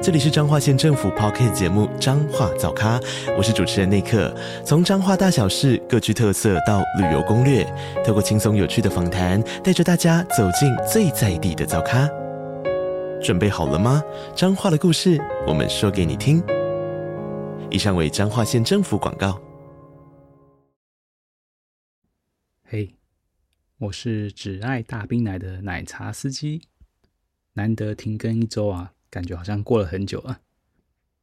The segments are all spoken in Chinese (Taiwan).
這裡是彰化縣政府 Podcast 節目《彰化早咖》，我是主持人內克。從彰化大小事各具特色到旅遊攻略，透過輕鬆有趣的訪談，帶着大家走進最在地的早咖。準備好了嗎？彰化的故事，我們說給你聽。以上為彰化縣政府廣告。嘿，hey, 我是只愛大冰奶的奶茶司機，難得停更一周啊。感覺好像過了很久了，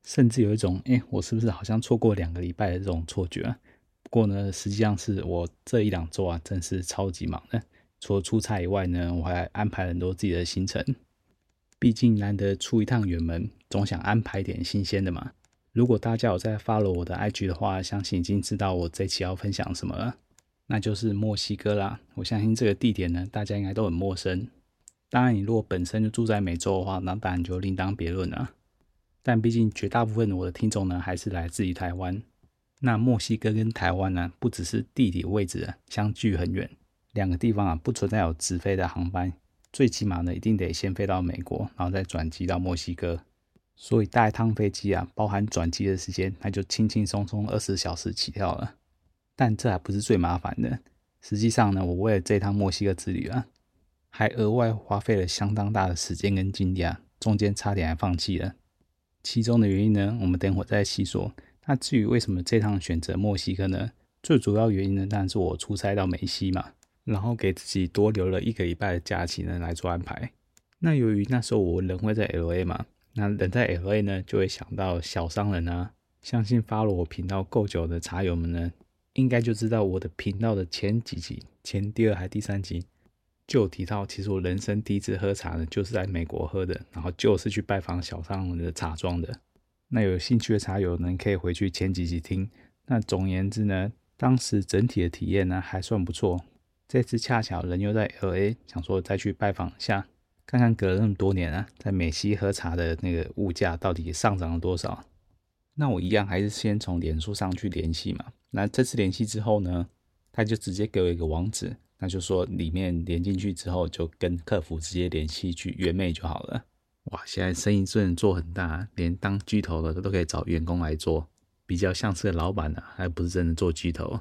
甚至有一種哎、欸，我是不是好像錯過兩個禮拜的這種錯覺啊？不過呢，實際上是我這一兩周啊，真是超級忙的。除了出差以外呢，我還安排很多自己的行程。畢竟難得出一趟遠門，總想安排點新鮮的嘛。如果大家有在 follow 我的 IG 的話，相信已經知道我這期要分享什麼了，那就是墨西哥啦。我相信這個地點呢，大家應該都很陌生。當然，你如果本身就住在美洲的話，那當然就另當別論了。但畢竟絕大部分的我的聽眾呢，還是來自於台灣。那墨西哥跟台灣呢，不只是地理位置啊，相距很遠，兩個地方啊，不存在有直飛的航班。最起碼呢，一定得先飛到美國，然後再轉機到墨西哥。所以，這一趟飛機啊，包含轉機的時間，那就輕輕鬆鬆二十小時起跳了。但這還不是最麻煩的。實際上呢，我為了這趟墨西哥之旅啊，還額外花費了相當大的時間跟精力啊，中間差點還放棄了。其中的原因呢，我們等會再細說。那至於為什麼這趟選擇墨西哥呢？最主要原因呢，當然是我出差到美西嘛，然後給自己多留了一個禮拜的假期呢來做安排。那由於那時候我人會在 LA 嘛，那人在 LA 呢，就會想到小商人啊。相信 follow 我頻道夠久的茶友們呢，應該就知道我的頻道的前幾集、前第二還第三集。就有提到，其實我人生第一次喝茶呢，就是在美國喝的，然後就是去拜訪小商人的茶莊的。那有興趣的茶友呢，可以回去前幾集聽。那總言之呢，當時整體的體驗呢還算不錯。這次恰巧人又在 LA，想說再去拜訪一下，看看隔了那麼多年啊，在美西喝茶的那個物價到底上漲了多少。那我一樣還是先從臉書上去聯繫嘛。那這次聯繫之後呢，他就直接給我一個網址。那就說裡面連進去之後，就跟客服直接聯繫去約妹就好了。哇，現在生意真的做很大，連當雞頭的都可以找員工來做，比較像是個老闆呢、啊，還不是真的做雞頭。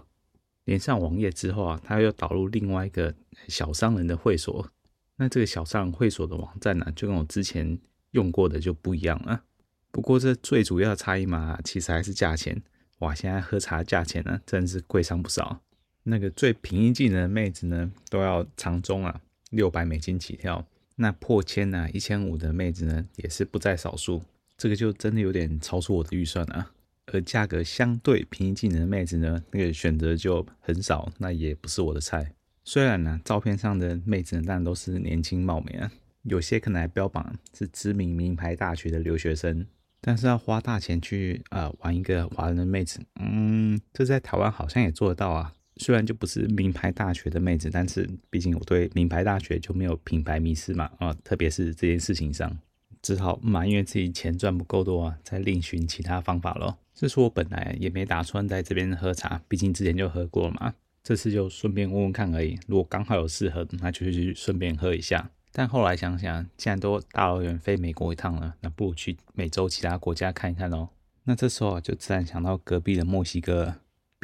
連上網頁之後啊，他又導入另外一個小商人的會所。那這個小商人會所的網站呢、啊，就跟我之前用過的就不一樣了。不過這最主要的差異嘛，其實還是價錢。哇，現在喝茶的價錢呢、啊，真的是貴上不少。那個最平易近人的妹子呢，都要長中啊，六百美金起跳。那破千啊，一千五的妹子呢，也是不在少數。這個就真的有點超出我的預算啊。而價格相對平易近人的妹子呢，那個選擇就很少，那也不是我的菜。雖然呢，照片上的妹子呢，當然都是年輕貌美啊，有些可能還標榜是知名名牌大學的留學生。但是要花大錢去啊、呃，玩一個華人的妹子，嗯，這在台灣好像也做得到啊。雖然就不是名牌大學的妹子，但是畢竟我對名牌大學就沒有品牌迷思嘛，啊、呃，特別是這件事情上，只好埋怨、嗯、因為自己錢賺不夠多啊，再另尋其他方法咯。這次我本來也沒打算在這邊喝茶，畢竟之前就喝過了嘛，這次就順便問問看而已。如果剛好有適合，那就去順便喝一下。但後來想想，既然都大老遠飛美國一趟了，那不如去美洲其他國家看一看咯。那這時候、啊、就自然想到隔壁的墨西哥。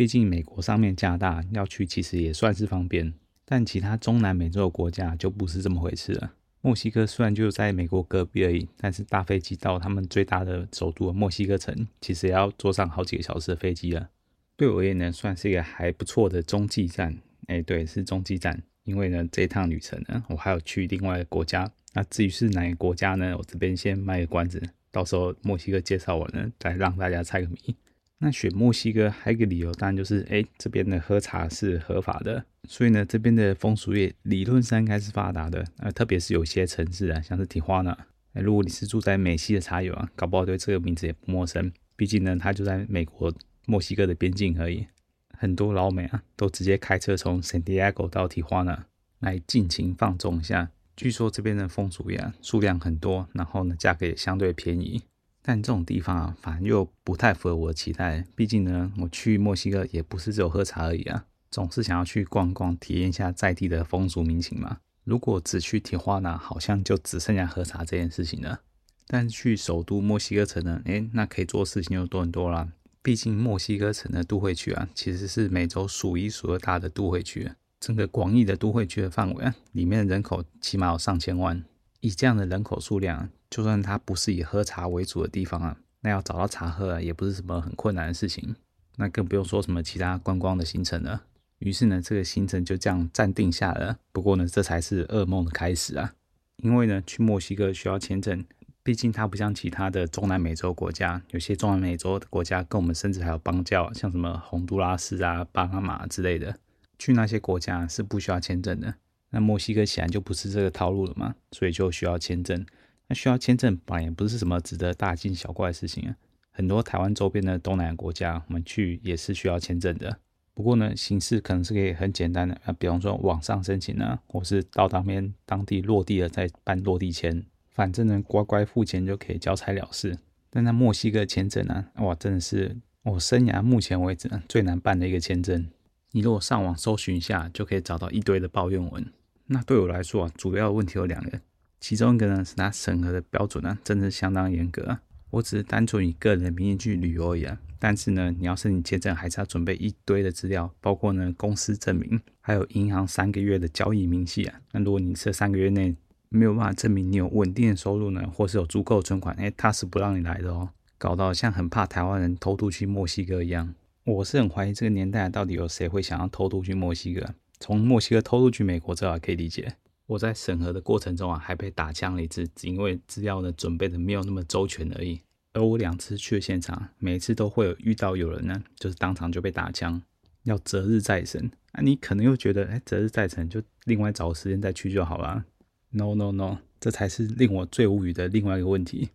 畢竟美國上面加大要去，其實也算是方便，但其他中南美洲的國家就不是這麼回事了。墨西哥雖然就在美國隔壁而已，但是搭飛機到他們最大的首都墨西哥城，其實也要坐上好幾個小時的飛機了。對我而言呢，算是一個還不錯的中繼站。哎、欸，對，是中繼站，因為呢，這趟旅程呢，我還有去另外一個國家。那至於是哪一個國家呢？我這邊先賣個關子，到時候墨西哥介紹完了，再讓大家猜個謎。那選墨西哥還有一個理由，當然就是，哎、欸，這邊的喝茶是合法的，所以呢，這邊的風俗業理論上應該是發達的，呃，特別是有些城市啊，像是提華納。哎、欸，如果你是住在美西的茶友啊，搞不好對這個名字也不陌生，畢竟呢，它就在美國墨西哥的邊境而已。很多老美啊，都直接開車從聖地亞哥到提華納，來盡情放縱一下。據說這邊的風俗業、啊，數量很多，然後呢，價格也相對便宜。但這種地方啊，反正又不太符合我的期待。畢竟呢，我去墨西哥也不是只有喝茶而已啊，總是想要去逛逛，體驗一下在地的風俗民情嘛。如果只去提花拿，好像就只剩下喝茶這件事情了。但去首都墨西哥城呢，哎、欸，那可以做事情就多很多啦。畢竟墨西哥城的都會區啊，其實是美洲數一數二大的都會區。整個廣義的都會區的範圍啊，裡面的人口起碼有上千萬。以這樣的人口數量、啊，就算它不是以喝茶為主的地方啊，那要找到茶喝啊，也不是什麼很困難的事情。那更不用說什麼其他觀光的行程了。於是呢，這個行程就這樣暫定下了。不過呢，這才是噩夢的開始啊，因為呢，去墨西哥需要簽證。畢竟它不像其他的中南美洲國家，有些中南美洲的國家跟我們甚至還有邦交，像什麼洪都拉斯啊、巴拿馬之類的，去那些國家是不需要簽證的。那墨西哥顯然就不是這個套路了嘛，所以就需要簽證。那需要簽證本也不是什麼值得大驚小怪的事情啊。很多台灣周邊的東南亞國家，我們去也是需要簽證的。不過呢，形式可能是可以很簡單的啊，比方說網上申請啊，或是到當面當地落地了再辦落地簽。反正呢，乖乖付錢就可以，交差了事。但那墨西哥簽證呢，啊，哇，真的是我生涯目前為止最難辦的一個簽證。你如果上網搜尋一下，就可以找到一堆的抱怨文。那對我來說啊，主要的問題有兩個。其中一個呢是它審核的標準呢、啊，真的相當嚴格，啊。我只是單純以個人的名義去旅遊而已啊。但是呢，你要申請簽證，還是要準備一堆的資料，包括呢公司證明，還有銀行三個月的交易明細啊。那如果你這三個月內沒有辦法證明你有穩定的收入呢，或是有足夠存款，哎、欸，他是不讓你來的哦，喔。搞到像很怕台灣人偷渡去墨西哥一樣。我是很懷疑這個年代到底有誰會想要偷渡去墨西哥，從墨西哥偷渡去美國這還可以理解。我在審核的過程中啊，還被打槍了一次，只因為資料呢準備的沒有那麼周全而已。而我兩次去現場，每次都會有遇到有人呢、啊，就是當場就被打槍，要擇日再審。啊你可能又覺得，哎、欸，擇日再審就另外找個時間再去就好了。No no no，這才是令我最無語的另外一個問題。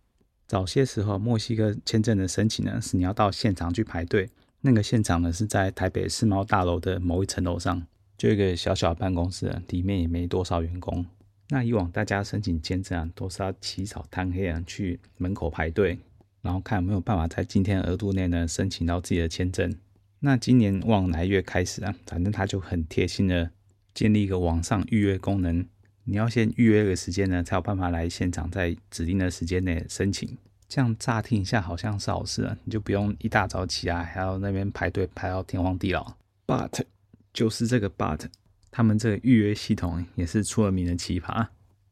早些時候，墨西哥簽證的申請呢，是你要到現場去排隊，那個現場呢是在台北世貿大樓的某一層樓上。就一個小小的辦公室啊，裡面也沒多少員工。那以往大家申請簽證啊，都是要起早貪黑啊去門口排隊，然後看有沒有辦法在今天額度內呢申請到自己的簽證。那今年往來月開始啊，反正他就很貼心的建立一個網上預約功能，你要先預約個時間呢，才有辦法來現場在指定的時間內申請。這樣乍聽一下好像是好事啊，你就不用一大早起來啊，還要那邊排隊排到天荒地老。But 就是這個 But，他們這個預約系統也是出了名的奇葩。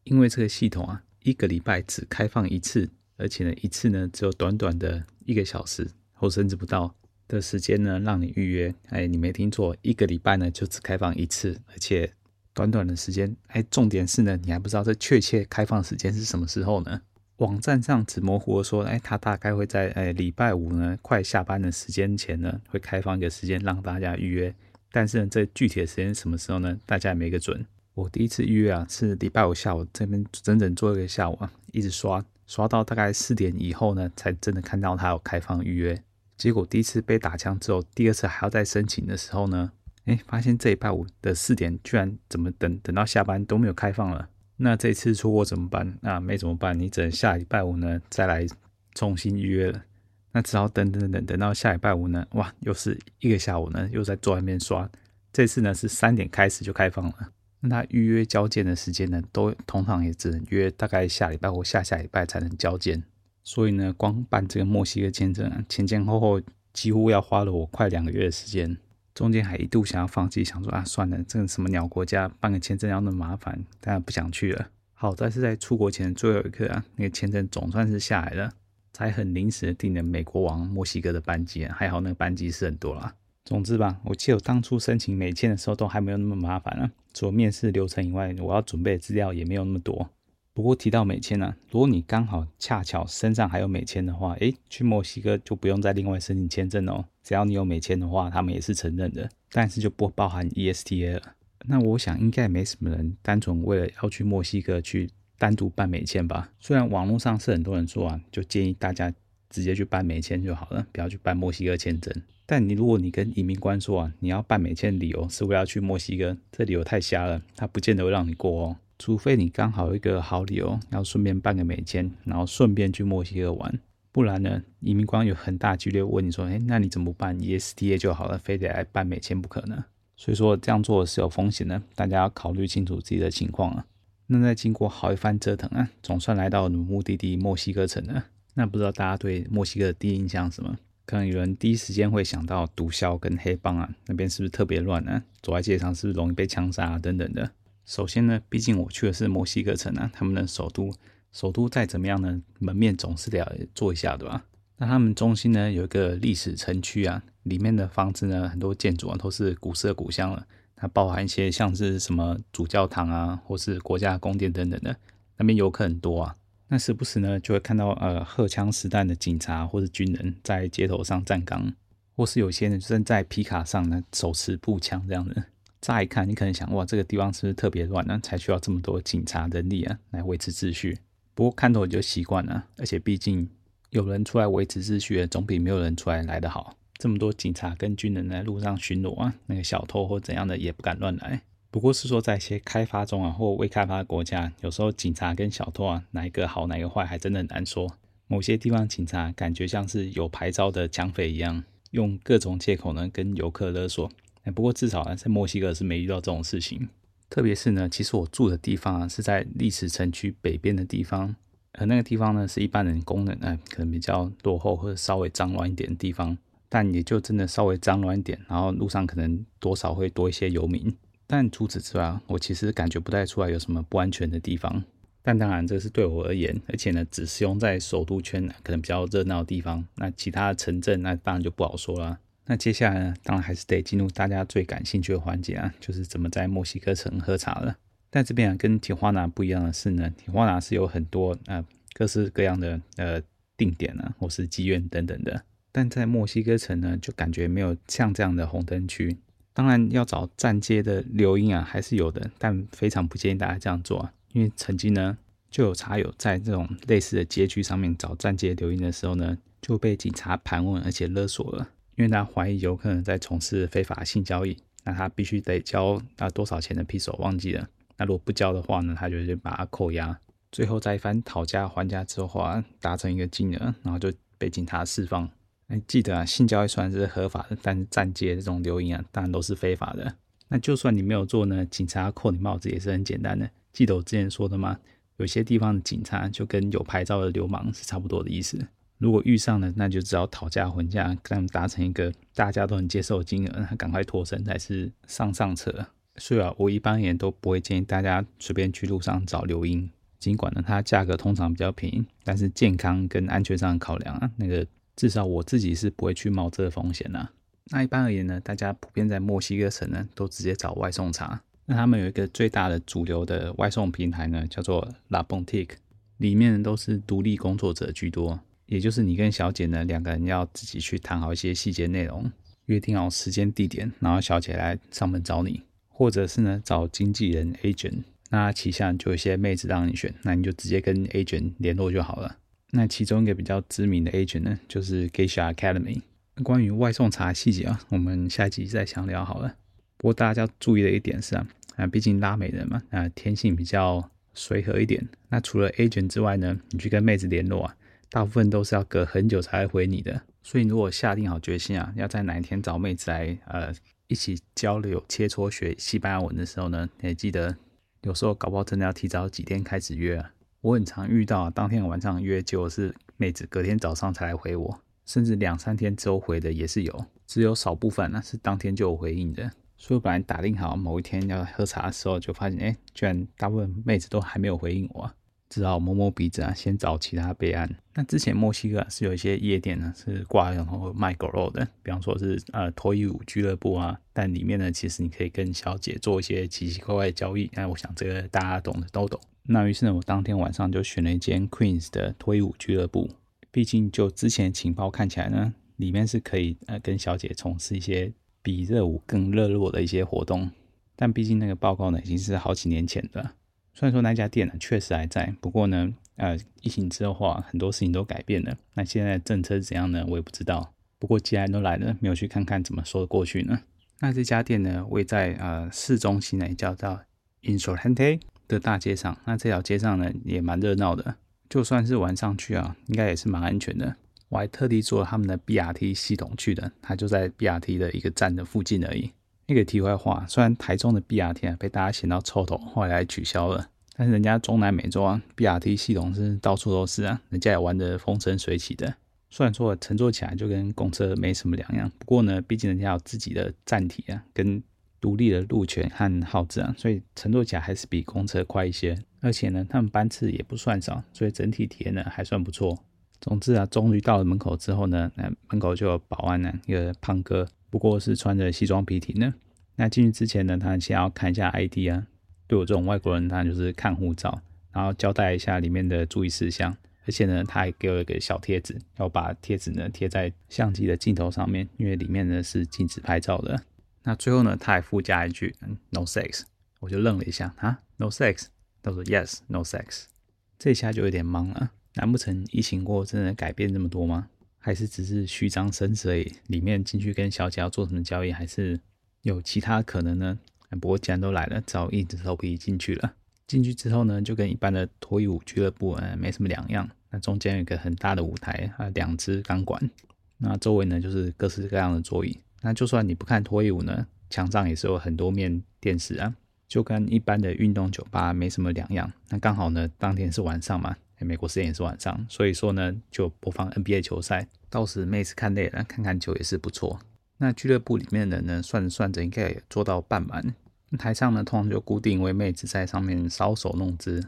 因為這個系統啊，一個禮拜只開放一次，而且呢，一次呢只有短短的一個小時或甚至不到的時間呢，讓你預約。哎，你沒聽錯，一個禮拜呢就只開放一次，而且短短的時間，哎，重點是呢，你還不知道這確切開放時間是什麼時候呢？網站上只模糊的說，哎，它大概會在哎禮拜五呢快下班的時間前呢，會開放一個時間讓大家預約。但是呢，這具體的時間是什麼時候呢？大家也沒個準。我第一次預約啊，是禮拜五下午，這邊整整做一個下午啊，一直刷刷到大概四點以後呢，才真的看到它有開放預約。結果第一次被打槍之後，第二次還要再申請的時候呢，哎，發現這禮拜五的四點居然怎麼等等到下班都沒有開放了。那這次出貨怎麼辦？那、啊、沒怎麼辦？你只能下禮拜五呢再來重新預約了。那只好等等等等到下禮拜五呢，哇，又是一個下午呢，又在桌外面刷。這次呢是三點開始就開放了，那他預約交件的時間呢，都通常也只能約大概下禮拜或下下禮拜才能交件。所以呢，光辦這個墨西哥簽證，啊，前前後後幾乎要花了我快兩個月的時間，中間還一度想要放棄，想說啊，算了，這個什麼鳥國家辦個簽證要那麼麻煩，大家不想去了。好在是在出國前最後一刻啊，那個簽證總算是下來了。才很臨時訂了美國往墨西哥的班機，啊，還好那個班機是很多啦。總之吧，我記得我當初申請美簽的時候都還沒有那麼麻煩啊，除了面試流程以外，我要準備的資料也沒有那麼多。不過提到美簽呢，啊，如果你剛好恰巧身上還有美簽的話，誒、欸，去墨西哥就不用再另外申請簽證哦，只要你有美簽的話，他們也是承認的，但是就不包含 ESTA 了。那我想應該也沒什麼人單純為了要去墨西哥去。單獨辦美簽吧，雖然網絡上是很多人說啊，就建議大家直接去辦美簽就好了，不要去辦墨西哥簽證。但你如果你跟移民官說啊，你要辦美簽的理由是為了去墨西哥，這理由太瞎了，他不見得會讓你過哦。除非你剛好有一個好理由，要順便辦個美簽，然後順便去墨西哥玩，不然呢，移民官有很大幾率問你說，哎、欸，那你怎麼辦 ESTA 就好了，非得來辦美簽不可呢？所以說這樣做是有風險的，大家要考慮清楚自己的情況啊。那在經過好一番折騰啊，總算來到了目的地墨西哥城了啊。那不知道大家對墨西哥的第一印象是什麼？可能有人第一時間會想到毒梟跟黑幫啊，那邊是不是特別亂呢？走在街上是不是容易被槍殺啊？等等的。首先呢，畢竟我去的是墨西哥城啊，他們的首都。首都再怎麼樣呢，門面總是得要做一下的吧？那他們中心呢有一個歷史城區啊，裡面的房子呢很多建築啊都是古色古香了。那包含一些像是什麼主教堂啊，或是國家宮殿等等的，那邊遊客很多啊。那時不時呢，就會看到呃荷槍實彈的警察或者軍人在街頭上站崗，或是有些人正在皮卡上呢手持步槍這樣的。乍一看，你可能想哇，這個地方是不是特別亂呢？才需要這麼多警察人力啊來維持秩序。不過看到我就習慣了，而且畢竟有人出來維持秩序，總比沒有人出來來得好。這麼多警察跟軍人在路上巡邏啊，那個小偷或怎樣的也不敢亂來。不過，是說在一些開發中啊，或未開發的國家，有時候警察跟小偷啊，哪一個好，哪一個壞，還真的難說。某些地方警察感覺像是有牌照的搶匪一樣，用各種借口呢跟遊客勒索。不過至少、啊、在墨西哥是沒遇到這種事情。特別是呢，其實我住的地方、啊、是在歷史城區北邊的地方，而那個地方呢，是一般人工人啊、哎，可能比較落後或者稍微髒亂一點的地方。但也就真的稍微髒亂一點，然後路上可能多少會多一些游民，但除此之外，我其實感覺不太出來有什麼不安全的地方。但當然，這是對我而言，而且呢，只適用在首都圈可能比較熱鬧的地方。那其他的城鎮，那當然就不好說了。那接下來呢，當然還是得進入大家最感興趣的環節啊，就是怎麼在墨西哥城喝茶了。但這邊啊，跟提華納不一樣的是呢，提華納是有很多啊、呃、各式各樣的呃定點啊，或是妓院等等的。但在墨西哥城呢，就感覺沒有像這樣的紅燈區。當然，要找站街的流鶯啊，還是有的，但非常不建議大家這樣做啊。因為曾經呢，就有茶友在這種類似的街區上面找站街流鶯的時候呢，就被警察盤問，而且勒索了。因為他懷疑有可能在從事非法性交易，那他必須得交那多少錢的披索，忘記了。那如果不交的話呢，他就會把他扣押。最後在一番討價還價之後啊，達成一個金額，然後就被警察釋放。哎、記得啊，性交易雖然是合法的，但是站街這種流鶯啊，當然都是非法的。那就算你沒有做呢，警察扣你帽子也是很簡單的。記得我之前說的嗎？有些地方的警察就跟有牌照的流氓是差不多的意思。如果遇上了，那就只要討價還價，跟他們達成一個大家都能接受的金額，讓他趕快脫身才是上上策。所以啊，我一般也都不會建議大家隨便去路上找流鶯，儘管呢，它價格通常比較便宜，但是健康跟安全上的考量啊，那個。至少我自己是不會去冒這個風險啦、啊，那一般而言呢，大家普遍在墨西哥城呢，都直接找外送茶。那他們有一個最大的主流的外送平台呢，叫做 La Bontique，裡面都是獨立工作者居多。也就是你跟小姐呢，兩個人要自己去談好一些細節內容，約定好時間地點，然後小姐來上門找你，或者是呢找經紀人 Agent，那旗下就有一些妹子讓你選，那你就直接跟 Agent 聯絡就好了。那其中一個比較知名的 agent 呢，就是 Gisha Academy。關於外送茶的細節啊，我們下一集再詳聊好了。不過大家要注意的一點是啊，啊，畢竟拉美人嘛，啊，天性比較隨和一點。那除了 agent 之外呢，你去跟妹子聯絡啊，大部分都是要隔很久才會回你的。所以如果下定好決心啊，要在哪一天找妹子來呃一起交流切磋學西班牙文的時候呢，你也記得有時候搞不好真的要提早幾天開始約啊。我很常遇到、啊，當天晚上約，就是妹子隔天早上才來回我，甚至兩三天之後回的也是有，只有少部分呢、啊，是當天就有回應的。所以本來打定好某一天要喝茶的時候，就發現，哎、欸，居然大部分妹子都還沒有回應我、啊，只好摸摸鼻子啊，先找其他備案。那之前墨西哥、啊、是有一些夜店呢、啊，是掛羊頭賣狗肉的，比方說是呃脫衣舞俱樂部啊，但裡面呢，其實你可以跟小姐做一些奇奇怪怪的交易，那我想這個大家懂的都懂。那於是呢，我當天晚上就選了一間 Queen's 的脫衣舞俱樂部。畢竟就之前的情報看起來呢，裡面是可以呃跟小姐從事一些比熱舞更熱絡的一些活動。但畢竟那個報告呢已經是好幾年前的，雖然說那家店呢確實還在，不過呢呃疫情之後的話很多事情都改變了。那現在政策是怎樣呢？我也不知道。不過既然都來了，沒有去看看怎麼說得過去呢？那這家店呢位在呃市中心呢，叫做 Insolente 的大街上，那這條街上呢也蠻熱鬧的。就算是晚上去啊，應該也是蠻安全的。我還特地坐他們的 BRT 系統去的，它就在 BRT 的一個站的附近而已。那個題外話，雖然台中的 BRT、啊、被大家嫌到臭頭，後來取消了，但是人家中南美洲啊，BRT 系統是到處都是啊，人家也玩得風生水起的。雖然說乘坐起來就跟公車沒什麼兩樣，不過呢，畢竟人家有自己的站體啊，跟獨立的路權和號誌啊，所以乘坐起來還是比公車快一些。而且呢，他們班次也不算少，所以整體體驗呢還算不錯。總之啊，終於到了門口之後呢，那門口就有保安呢、啊，一個胖哥，不過是穿着西裝筆挺呢。那進去之前呢，他想要看一下 ID 啊，對我這種外國人，他就是看護照，然後交代一下裡面的注意事項。而且呢，他還給我一個小貼紙，要把貼紙呢貼在相機的鏡頭上面，因為裡面呢是禁止拍照的。那最後呢，他還附加一句 “no sex”，我就愣了一下啊，“no sex”，他說 “yes no sex”，這一下就有點懵了。難不成疫情過真的改變這麼多嗎？還是只是虛張聲勢？裡面進去跟小姐要做什麼交易？還是有其他可能呢？不過既然都來了，只好硬着頭皮進去了。進去之後呢，就跟一般的脫衣舞俱樂部、呃、沒什麼兩樣。那中間有一個很大的舞台，還有兩支鋼管。那周圍呢，就是各式各樣的座椅。那就算你不看脫衣舞呢，牆上也是有很多面電視啊，就跟一般的運動酒吧沒什麼兩樣。那剛好呢，當天是晚上嘛，欸，美國時間也是晚上，所以說呢，就播放 NBA 球賽。到時妹子看累了，看看球也是不錯。那俱樂部裡面的人呢，算着算着應該也坐到半滿。那台上呢，通常就固定一位妹子在上面搔首弄姿，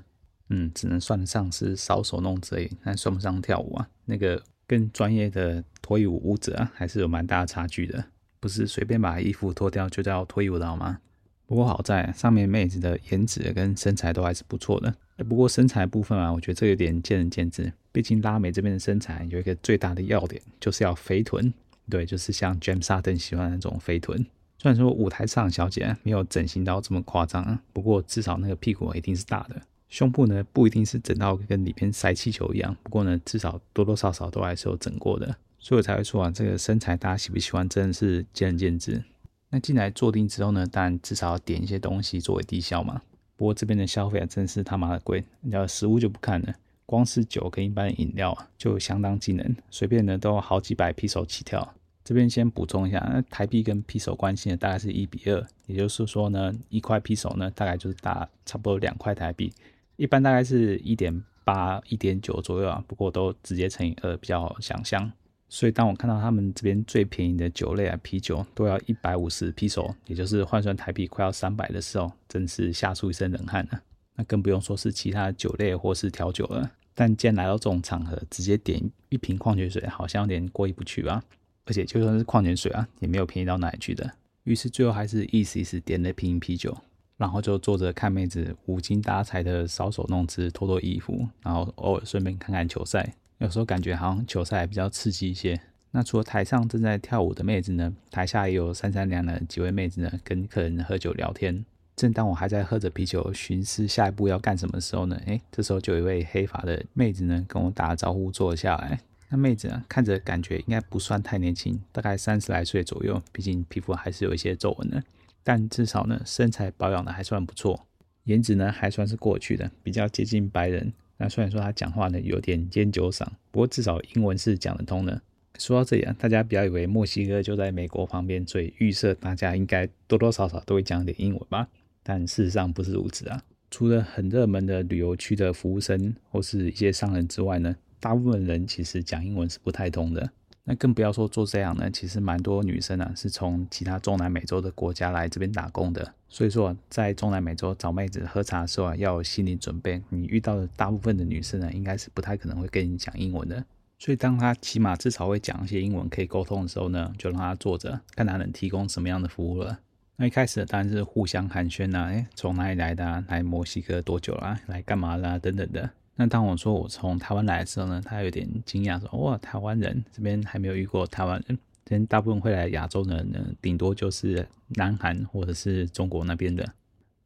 嗯，只能算得上是搔首弄姿而已，但算不上跳舞啊。那個跟專業的脫衣舞舞者啊，還是有蠻大的差距的。不是隨便把衣服脫掉就叫脫衣舞了嗎？不過好在、啊、上面妹子的顏值跟身材都還是不錯的。不過身材部分啊，我覺得這有點見仁見智。畢竟拉美這邊的身材有一個最大的要點，就是要肥臀。對，就是像 g e m 莎等喜歡的那種肥臀。雖然說舞台上小姐、啊、沒有整形到這麼誇張、啊，不過至少那個屁股一定是大的。胸部呢，不一定是整到跟裡邊塞氣球一樣，不過呢，至少多多少少都還是有整過的。所以我才會說啊，這個身材大家喜不喜歡真的是見仁見智。那進來坐定之後呢，當然至少要點一些東西作為低消嘛。不過這邊的消費啊，真是他媽的貴。你知道，食物就不看了，光是酒跟一般飲料啊，就有相當驚人，隨便的都好幾百披手起跳。這邊先補充一下，那台幣跟披手關係呢，大概是一比二，也就是說呢，一塊披手呢，大概就是打差不多兩塊台幣，一般大概是一點八、一點九左右啊。不過都直接乘以二，比較好想象。所以，當我看到他們這邊最便宜的酒類啊，啤酒都要一百五十披索，也就是換算台幣快要三百的時候，真是嚇出一身冷汗了，啊。那更不用說是其他酒類或是調酒了。但既然來到這種場合，直接點一瓶礦泉水好像有點過意不去吧？而且就算是礦泉水啊，也沒有便宜到哪裡去的。於是最後還是意思意思點了一瓶，瓶啤酒，然後就坐着看妹子無精打采的搔首弄姿、脫脫衣服，然後偶爾順便看看球賽。有時候感覺好像球賽還比較刺激一些。那除了台上正在跳舞的妹子呢，台下也有三三兩兩的幾位妹子呢，跟客人喝酒聊天。正當我還在喝着啤酒，尋思下一步要幹什麼時候呢、欸？哎，這時候就有一位黑髮的妹子呢，跟我打招呼坐下來。那妹子啊，看着感覺應該不算太年輕，大概三十來歲左右，畢竟皮膚還是有一些皺紋的，但至少呢，身材保養的還算不錯，顏值呢還算是過去的，比較接近白人。那雖然說他講話呢，有點煙酒嗓，不過至少英文是講得通的。說到這裡啊，大家不要以為墨西哥就在美國旁邊，所以預設大家應該多多少少都會講點英文吧？但事實上不是如此啊。除了很熱門的旅遊區的服務生或是一些商人之外呢，大部分人其實講英文是不太通的。那更不要說做這樣呢，其實蠻多女生呢、啊，是從其他中南美洲的國家來這邊打工的，所以說、啊、在中南美洲找妹子喝茶的時候啊，要有心理準備，你遇到的大部分的女生呢，應該是不太可能會跟你講英文的，所以當她起碼至少會講一些英文可以溝通的時候呢，就讓她坐着，看她能提供什麼樣的服務了。那一開始當然是互相寒暄吶、啊，哎、欸，從哪裡來的、啊？來墨西哥多久啦、啊？來幹嘛啦、啊？等等的。那當我說我從台灣來的時候呢，他有點驚訝，說：“哇，台灣人這邊還沒有遇過台灣人，這邊大部分會來亞洲人呢，頂、呃、多就是南韓或者是中國那邊的。”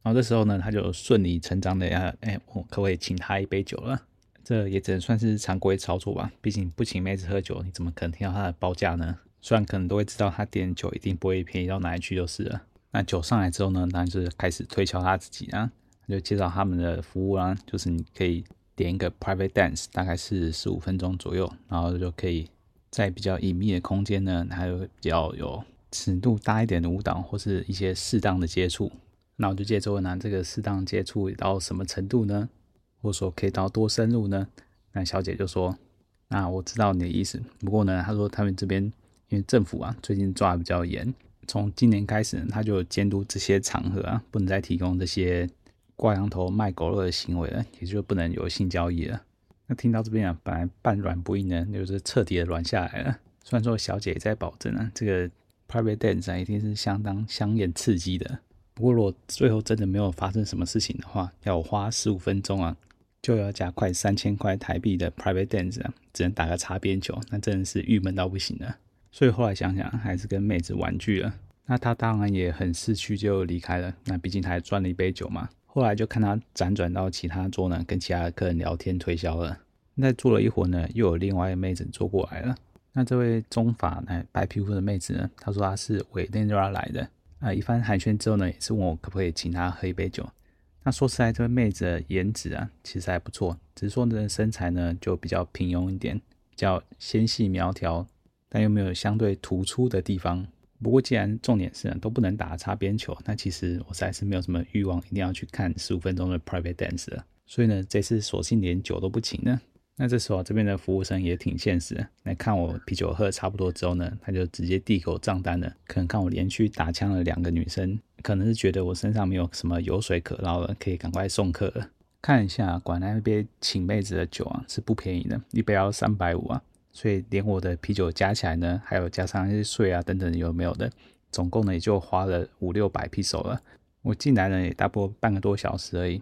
然後這時候呢，他就順理成章的呀，哎、欸，我可不可以請他一杯酒了？這也只能算是常規操作吧，畢竟不請妹子喝酒，你怎麼可能聽到他的報價呢？雖然可能都會知道他點酒一定不會便宜到哪裡去，就是了。那酒上來之後呢，當然就是開始推銷他自己啊，就介紹他們的服務啊，就是你可以。點一個 private dance，大概是十五分鐘左右，然後就可以在比較隱祕的空間呢，還有比較有尺度大一點的舞蹈或是一些適當的接觸。那我就接著問他這個適當接觸到什麼程度呢？或者說可以到多深入呢？那小姐就說：“那我知道你的意思，不過呢，她說他們這邊因為政府啊最近抓得比較嚴，從今年開始呢她就監督這些場合啊不能再提供這些。”掛羊頭賣狗肉的行為了，也就不能有性交易了。那聽到這邊啊，本來半軟不硬的，就是徹底的軟下來了。雖然說小姐也在保證啊，這個 private dance 啊，一定是相當香艷刺激的。不過如果最後真的沒有發生什麼事情的話，要我花十五分鐘啊，就要加快三千塊台幣的 private dance 啊，只能打個擦邊球，那真的是鬱悶到不行了。所以後來想想，還是跟妹子婉拒了。那她當然也很識趣就離開了。那畢竟她還賺了一杯酒嘛。後來就看他輾轉到其他桌呢，跟其他的客人聊天推銷了。那坐了一會兒呢，又有另外一個妹子坐過來了。那這位中法來白皮膚的妹子呢，她說她是委內瑞拉來的。啊，一番寒暄之後呢，也是問我可不可以請她喝一杯酒。那說實在，這位妹子的顏值啊，其實還不錯，只是說呢，身材呢就比較平庸一點，比較纖細苗條，但又沒有相對突出的地方。不過既然重點是都不能打擦邊球，那其實我實在是沒有什麼欲望一定要去看十五分鐘的 private dance 了，所以呢，這次索性連酒都不請了。那這時候啊，這邊的服務生也挺現實的，來看我啤酒喝差不多之後呢，他就直接遞給我賬單了。可能看我連續打槍了兩個女生，可能是覺得我身上沒有什麼油水可撈了，可以趕快送客了。看一下，管來那邊請妹子的酒啊是不便宜的，一杯要三百五啊。所以連我的啤酒加起來呢，還有加上一些稅啊等等有沒有的，總共呢也就花了五六百披索了。我進來呢也待不過半個多小時而已，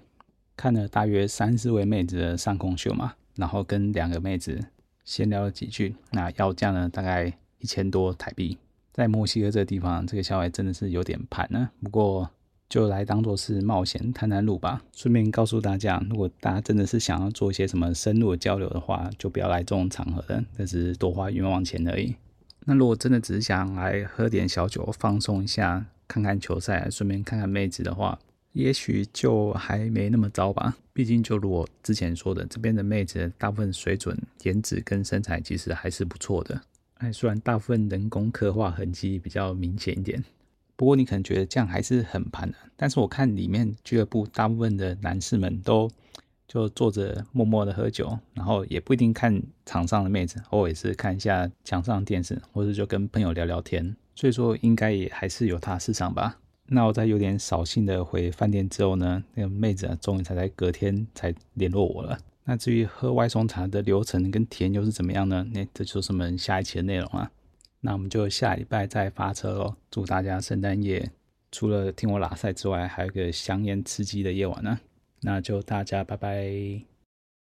看了大約三四位妹子的上空秀嘛，然後跟兩個妹子閒聊了幾句，那要價呢大概一千多台幣。在墨西哥這個地方，這個消費真的是有點盤呢、啊。不過。就來當做是冒險探探路吧，順便告訴大家，如果大家真的是想要做一些什麼深入的交流的話，就不要來這種場合了，但、就是多花冤枉錢而已。那如果真的只是想來喝點小酒放鬆一下，看看球賽，順便看看妹子的話，也許就還沒那麼糟吧。畢竟就如我之前說的，這邊的妹子的大部分水準、顏值跟身材其實還是不錯的，哎，雖然大部分人工刻畫痕跡比較明顯一點。不過你可能覺得這樣還是很盤的、啊，但是我看裡面俱樂部大部分的男士們都就坐着默默的喝酒，然後也不一定看場上的妹子，偶爾是，是看一下牆上電視，或是就跟朋友聊聊天。所以說應該也還是有他的市場吧。那我在有點掃興的回飯店之後呢，那個妹子、啊、終於才在隔天才聯絡我了。那至於喝外送茶的流程跟體驗又是怎麼樣呢？那這就是我們下一期的內容啊。那我們就下禮拜再發車嘍！祝大家聖誕夜除了聽我喇賽之外，還有一個香豔刺激的夜晚呢、啊。那就大家拜拜。